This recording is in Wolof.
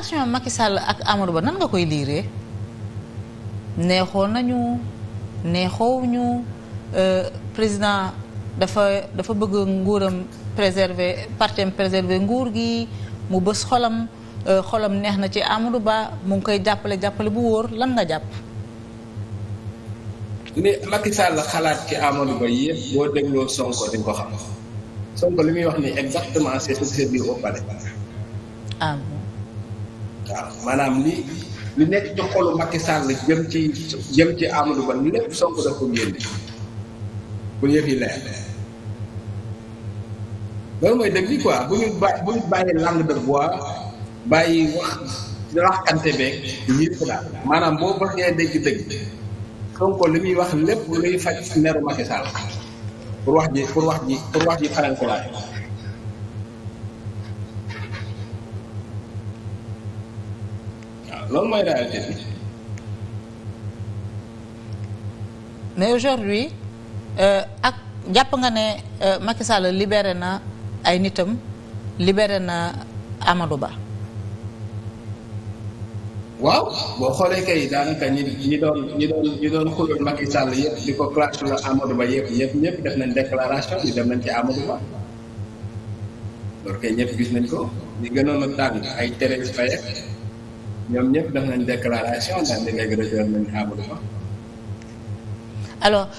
relation Macky Sall ak Amadou Ba nan nga koy liiree neexoo nañu neexoowuñu euh, président dafa dafa bëgg nguuram préservé partem préservé nguur gi mu bës xolam euh, xolam neex na ci Amadou Ba mu ngi koy jàppale jàppale bu wóor lan nga jàpp. li Macky Sall xalaat ci Amadou Ba yëpp boo dégloo Sonko di li muy wax ni exactement c'est ce qui se waaw maanaam li li nekk ci xolu Macky Sall jëm ci jëm ci Amadou Ba lépp Sonko daf ko génne bu yëf mooy dëgg yi quoi bu ñu ba bu ñu bàyyi langue de bois bàyyi wax raxkante beeg yëpp daal maanaam boo bëggee dégg dëgg Sonko li muy wax lépp luy faj meru Macky Sall pour wax ji pour wax ji pour wax ji farankulaayu waaw loolu mooy réalité bi. mais aujourd'hui euh, ak jàpp nga ne euh, Macky Sall libéré na ay nitam libéré na Amadou Ba. waaw boo xoolee kay daanaka ñi ñi doon ñi doon ñi doon xulul Macky Sall yëpp di ko clash la Amadou Ba yëpp yëpp ñëpp def nañ déclaration ñu dem nañ ci Amadou Ba loolu kay ñëpp gis nañ ko ñi gënoon a tàng ay Thérèse Faye ñoom ñëpp def nañ déclaration daal di léegi rejoindre nañ Amadou Ba alors